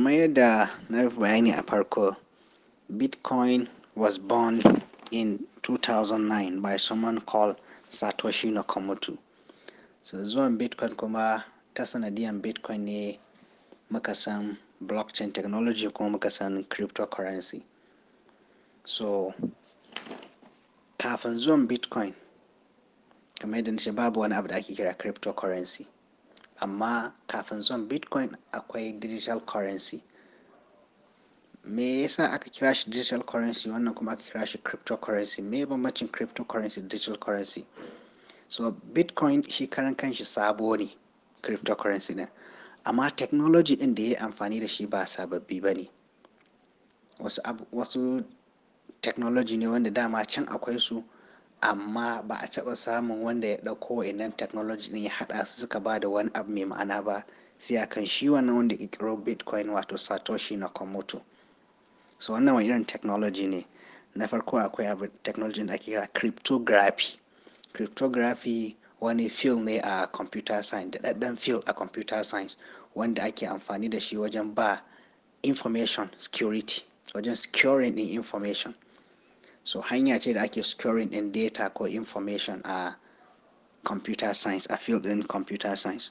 Kamar yadda na yi bayani a farko, Bitcoin was born in 2009 by someone called Satoshi Nakamoto. So zuwan Bitcoin kuma ta sanadiyan Bitcoin ne muka san blockchain technology kuma muka san cryptocurrency. So kafin zuwan Bitcoin, kamar yadda na ce babu wani abu da ake kira cryptocurrency. amma kafin zuwan Bitcoin akwai digital currency. Me yasa aka kira shi digital currency wannan kuma aka kira shi cryptocurrency? Me bambancin cryptocurrency da digital currency? So Bitcoin shi karan kanshi sabo ne cryptocurrency ɗin amma technology ɗin da ya yi amfani da shi ba sababbi ba ne. Wasu abu, wasu technology ne wanda dama can akwai su. amma ba a taɓa samun wanda ya ɗauko wa'innan technology ɗin ya haɗa su suka ba da wani abu mai ma'ana ba sai a kan shi wannan wanda ya ƙirƙiro bitcoin wato satoshi na komoto so wannan wani irin technology ne na farko akwai abu technology da ake kira cryptography cryptography wani fil ne a computer science daɗaɗɗen fil a computer science wanda ake amfani da shi wajen ba information security wajen securing in information so hanya ce da ake scoring in data ko information a computer science a field in computer science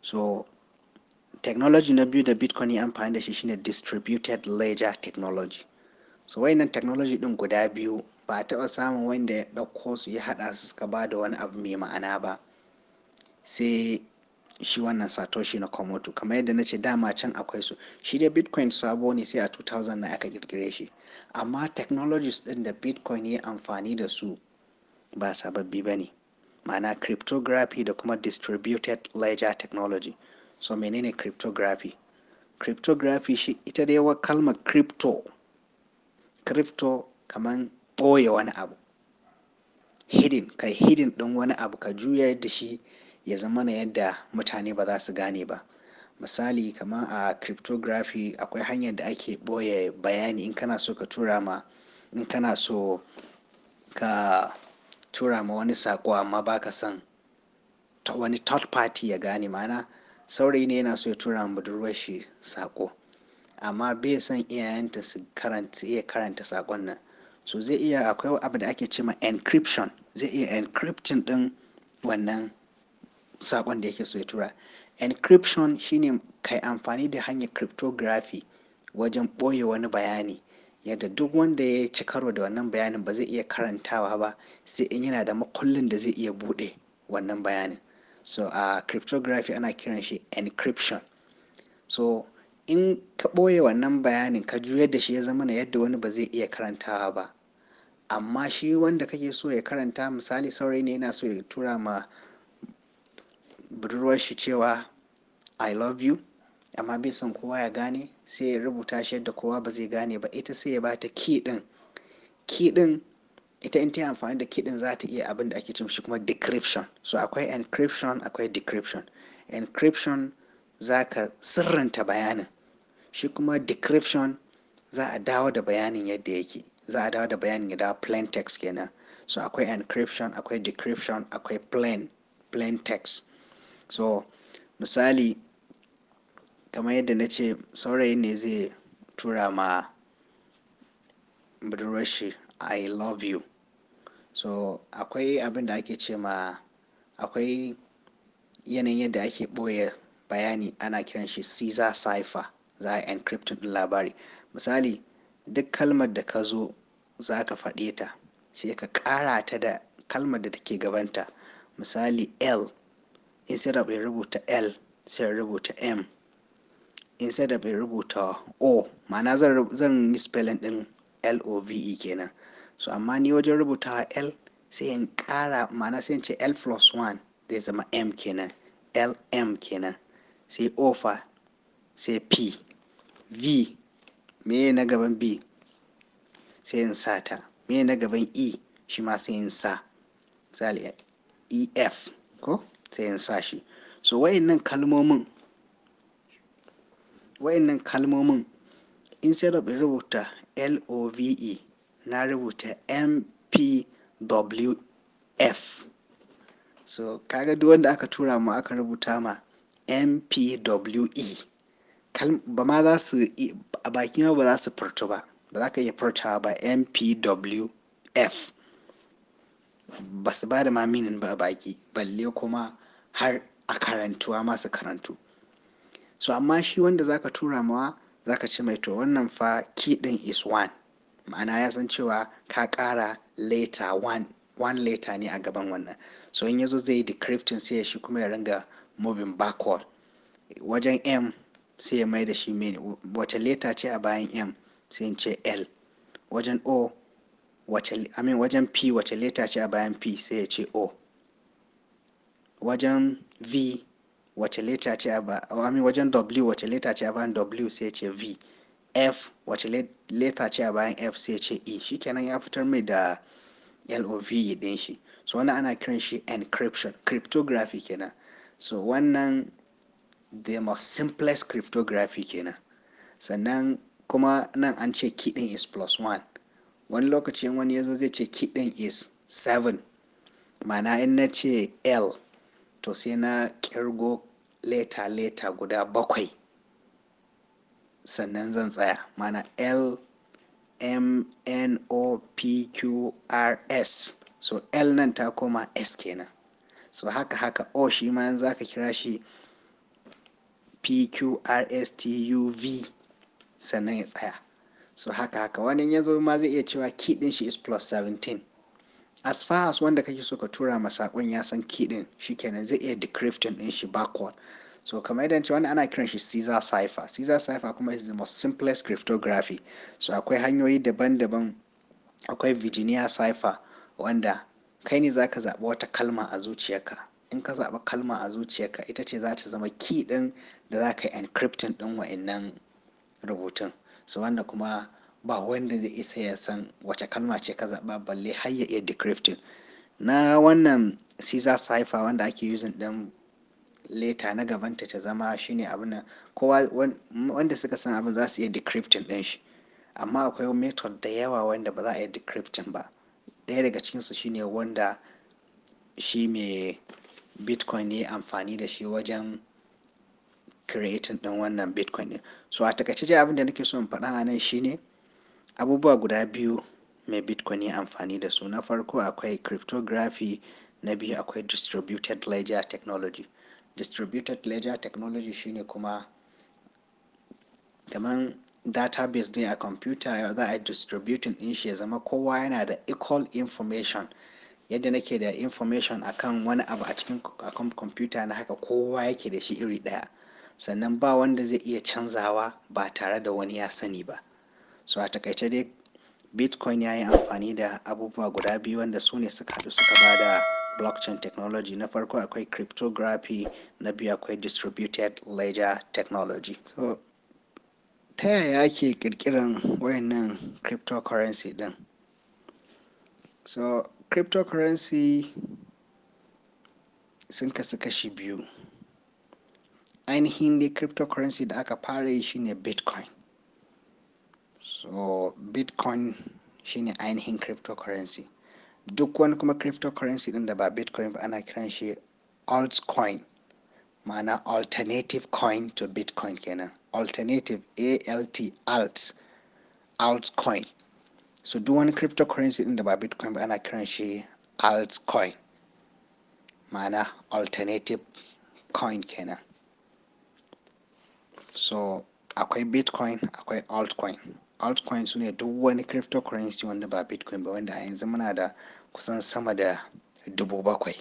so technology na biyu da bitcoin ya amfani da shi shine distributed ledger technology so wayannan technology din guda biyu ba a taɓa samun wanda ya ɗauko su ya haɗa su suka ba da wani abu mai ma'ana ba sai shi wannan satoshi na komoto kamar yadda na ce dama can akwai su shi dai bitcoin sabo ne sai a 2000 na aka girgire shi amma technologies ɗin da bitcoin ya amfani da su ba sababbi ba ne ma'ana cryptography da kuma distributed ledger technology so menene cryptography cryptography shi ita dai wa kalmar crypto crypto kamar ɓoye wani abu hidden kai hidden ɗin wani abu ka juya yadda shi ya zama na yadda mutane ba za su gane ba. Misali kamar a cryptography akwai hanyar da ake ɓoye bayani in kana so ka tura ma, in kana so ka tura ma wani saƙo amma ba ka son wani third party ya gane. Ma'ana saurayi ne yana so ya tura ma budurwar shi saƙo amma bai son iyayenta su iya karanta saƙon nan. So zai iya akwai abu da ake ce ma encryption. Zai iya encrypting ɗin wannan saƙon da yake so ya tura encryption shine kai amfani da hanyar cryptography wajen ɓoye wani bayani yadda duk wanda ya ci karo da wannan bayanin ba zai iya karantawa ba sai in yana da makullin da zai iya buɗe wannan bayanin so a uh, cryptography ana kiran shi encryption so in ka ɓoye wannan bayanin ka juyar da shi ya zama na yadda wani ba zai iya karantawa ba amma shi wanda kake so ya karanta misali saurayi ne yana so ya tura ma budurwar shi cewa I love you amma bai son kowa ya gane sai ya rubuta shi yadda kowa ba zai gane ba ita sai ya ba ta kiɗin ita in ta yi amfani da kiɗin za ta iya abin da ake cin shi kuma decryption so akwai encryption akwai decryption encryption za ka sirrinta bayanin shi kuma decryption za a dawo da bayanin yadda yake za a dawo da bayanin ya dawo plain text kenan so akwai encryption akwai decryption akwai plain plain text so misali kamar yadda na ce saurayin ne zai tura ma budurwashi i love you so akwai abin da ake ce ma akwai yanayin yadda ake ɓoye bayani ana kiran shi caesar cipher za a encrypting ɗin labari misali duk kalmar da ka zo za ka faɗe ta sai ka ƙara ta da kalmar da take gabanta misali l instead of a rubuta l sai rubuta m instead of a rubuta o ma'ana zan yi spelling din love kenan so amma ni wajen rubuta l sai in kara ma'ana sai in ce l plus 1 zai zama m kenan l m kenan sai o fa sai p v me na gaban b sai in sa ta me na gaban e shi ma sai in sa misali ef ko sai in sa shi so wayannan kalmomin wayannan kalmomin instead of in rubuta love na rubuta mpwf so kaga duk wanda aka tura mu aka rubuta ma mpwe ba ma za su a bakin ba za su furtu ba ba za ka iya furtawa ba mpwf ba su ba da ma minin ba a baki balle kuma har a karantuwa masu karantu so amma shi wanda zaka tura mawa zaka ce mai to wannan fa key ɗin is one ma'ana ya san cewa ka ƙara leta one one leta ne a gaban wannan so in zo zai yi decrypting sai shi kuma ya ringa moving backward wajen m sai ya mai shi mini wace leta ce a bayan m sai in ce l wajen o wace I mean wajen p wace leta ce a bayan p sai ya ce o wajen v wace leta ce a ba wajen w wace leta ce a bayan w sai ce v f wace leta ce a bayan f sai ce e shikenan ya fitar mai da lov din shi so wannan ana kiran shi encryption cryptography kenan so wannan the most simplest cryptography kenan sannan kuma nan an ce key is plus one wani lokacin wani ya zo zai ce key is seven, ma'ana in na ce l to sai na kirgo leta leta guda bakwai sannan zan tsaya mana l m n o p q r s so l nan ta koma s kenan so haka haka o shi ma yanzu zaka kira shi p q r s t u v sannan ya tsaya so haka haka wani ya zo ma zai iya cewa key din shi is plus 17 as far as wanda kake so ka tura ma sakon ya san key shi shikenan zai iya decrypting din shi backward so kamar yadda wanda ana kiran shi caesar cipher caesar cipher kuma is the most simplest cryptography so akwai hanyoyi daban-daban akwai virginia cipher wanda kai ne zaka zaɓi wata kalma a zuciyarka in ka zaɓi kalma a zuciyarka ita ce za ta zama key ɗin da zaka yi encrypting ɗin wa'innan rubutun so wanda kuma ba wanda zai isa ya san wace kalma ce ka zaba balle har ya iya decrypting na wannan caesar cipher wanda ake using ɗin leta na gabanta ta zama shine abin nan kowa wanda suka san abin za su iya decrypting ɗin shi amma akwai method da yawa wanda ba za a iya decrypting ba ɗaya daga cikinsu shine wanda shi mai bitcoin ne amfani da shi wajen creating ɗin wannan bitcoin ɗin so a takaice abin da nake so in faɗa a nan shine abubuwa guda biyu mai Bitcoin ya amfani da su. Na farko akwai cryptography, na biyu akwai distributed ledger technology. Distributed ledger technology shine kuma kaman database ne a computer za a distributing din shi ya zama kowa yana da equal information. Yadda nake da information akan wani abu a cikin akan na haka kowa yake da shi iri ɗaya. Sannan ba wanda zai iya canzawa ba tare da wani ya sani ba. so a takaice dai bitcoin ya yi amfani da abubuwa guda biyu wanda su ne suka haɗu suka ba da blockchain technology na farko akwai cryptography na biyu akwai distributed ledger technology so ta yaya ake ƙirƙiran wayannan cryptocurrency din so cryptocurrency sun kasu kashi biyu ainihin dai cryptocurrency da aka fara yi shine bitcoin so bitcoin shine ainihin cryptocurrency duk wani kuma cryptocurrency din da ba bitcoin ba ana kiran shi altcoin ma'ana alternative coin to bitcoin kenan alternative alt alt altcoin so duk wani cryptocurrency din da ba bitcoin ba ana kiran shi altcoin ma'ana alternative coin kenan so akwai bitcoin akwai altcoin altcoin su ne duk wani cryptocurrency wanda ba bitcoin ba wanda a yanzu muna da kusan sama da dubu bakwai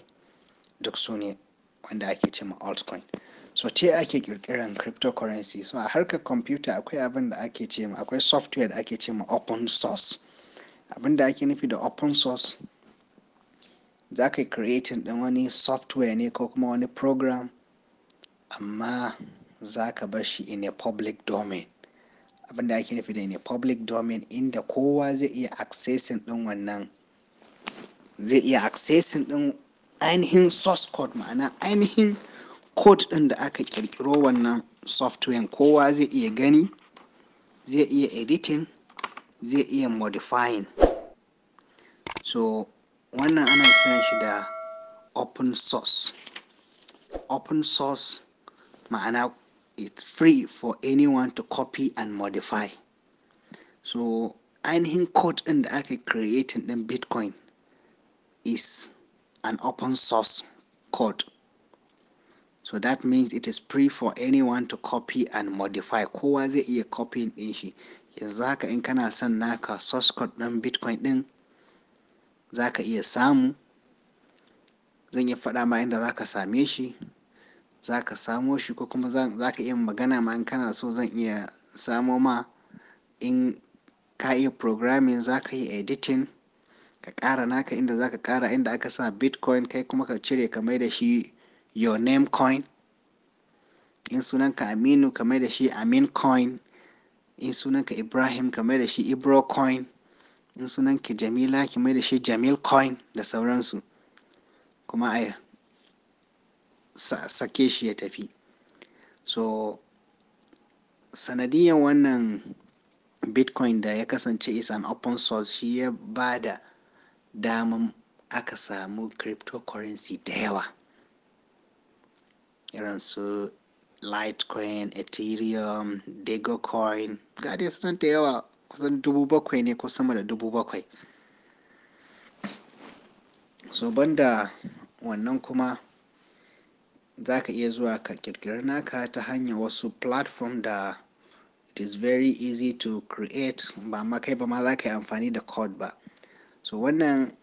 duk su ne wanda ake ce ma altcoin so te ake kirkiran cryptocurrency so a harkar computer akwai abin da ake ce ma akwai software da ake ce ma open source abin da ake nufi da open source za ka yi creating ɗin wani software ne ko kuma wani program amma za ka bar shi in a public domain abin da ake nufi da ne public domain inda kowa zai iya accessing din wannan zai iya accessing din ainihin source code ma'ana ainihin code din da aka kirkiro wannan software kowa zai iya gani zai iya editing zai iya modifying so wannan ana kiran shi da open source open source ma'ana it's free for anyone to copy and modify so ainihin code ɗin da aka creating ɗin bitcoin is an open source code so that means it is free for anyone to copy and modify kowa zai iya copying ɗin shi yanzu haka in kana son naka source code ɗin bitcoin ɗin za ka iya samu zan iya faɗa ma inda za ka same shi za ka samo shi ko kuma za ka iya magana ma in kana so zan iya samo ma. In ka iya programming za ka yi editing ka ƙara naka inda za ka ƙara inda aka sa Bitcoin kai kuma ka cire ka mai shi your name coin. In sunanka Aminu ka mai shi Amin coin. In sunanka Ibrahim ka mai shi Ibro coin. In ka Jamila ki mai shi Jamil coin da sauransu. Kuma aya. sake shi ya tafi so sanadiyan wannan bitcoin da ya kasance is an open source shi ya ba da daman aka samu cryptocurrency da yawa irin su litecoin ethereum dogecoin ga dai da yawa kusan dubu bakwai ne ko sama da dubu bakwai so banda wannan kuma za ka iya zuwa ka ƙirƙiri naka ta hanyar wasu platform da it is very easy to create ba ma kai ba ma za ka yi amfani da code ba. So wannan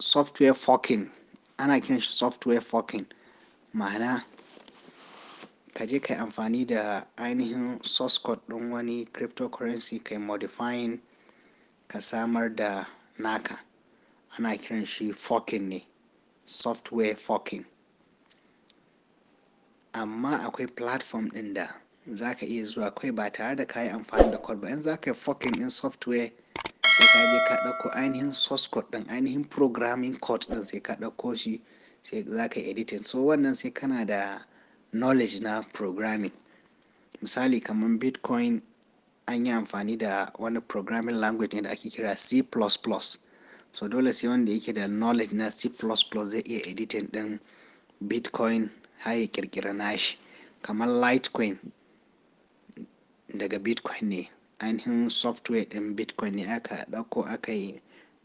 software forking ana kiran shi software forking ma'ana ka je ka yi amfani da ainihin source code ɗin wani cryptocurrency ka yi modifying ka samar da naka ana kiran shi forking ne software forking. Amma akwai platform ɗin da za ka iya zuwa kai ba tare da ka yi amfani da code ba. In za ka yi forking ɗin software sai ka je ka ɗauko ainihin source code ɗin, ainihin programming code ɗin sai ka ɗauko shi sai za ka yi editing. So wannan sai kana da knowledge na programming. Misali kamar Bitcoin an yi amfani da wani programming language ne da ake kira C++. So dole sai wanda yake da knowledge na C++ zai iya editing ɗin Bitcoin. har ya ƙirƙiri nashi kamar Litecoin daga Bitcoin ne. Ainihin software ɗin Bitcoin ne aka ɗauko aka yi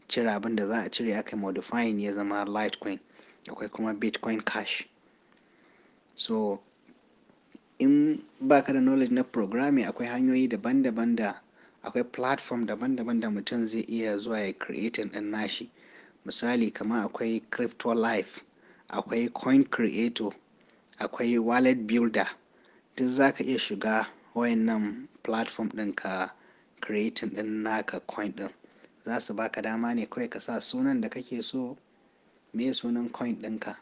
cire abin da za a cire aka yi modifying ya zama Litecoin. Akwai kuma Bitcoin Cash. So in baka da knowledge na programming akwai hanyoyi daban-daban da akwai platform daban-daban da mutum zai iya zuwa ya creating ɗin nashi. Misali kamar akwai Crypto Life, akwai Coin Creator, akwai wallet builder duk za ka iya shiga wayannan platform ɗin ka creating ɗin naka coin ɗin. Za su baka dama ne kawai ka sa sunan da kake so, me sunan coin ɗinka,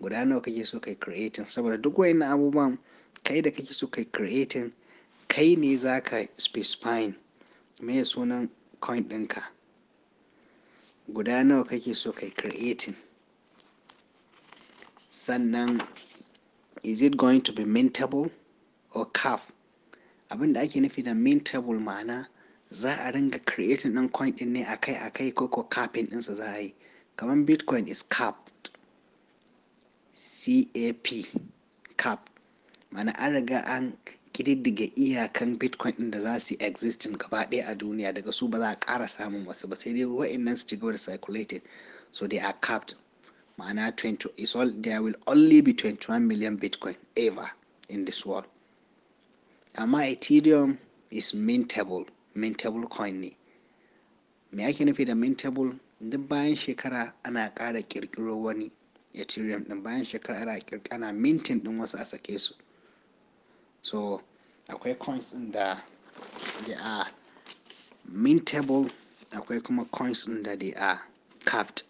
guda nawa kake so kai creating. Saboda duk wayannan abubuwan kai da kake so kai creating kai ne za ka specifying me sunan coin ɗinka, guda nawa kake so kai creating. Sannan is it going to be mintable or calf abin da ake nufi da mintable ma'ana za a ringa creating ɗin coin ɗin ne akai akai ko ko capping ɗinsa za a yi kamar bitcoin is capped cap cap ma'ana an riga an ƙididdiga iyakan bitcoin ɗin da za su existing gaba ɗaya a duniya daga su ba za a ƙara samun wasu ba sai dai wa'annan su ci gaba da circulated so they are capped ma'ana 20 is all there will only be 21 million bitcoin ever in this world amma ethereum is mintable mintable coin ne me ake nufi da mintable duk bayan shekara ana ƙara ƙirƙiro wani ethereum ɗin bayan shekara ana ƙirƙana mintin ɗin wasu a sake su so akwai coins in da they are mintable akwai kuma coins in da they are capped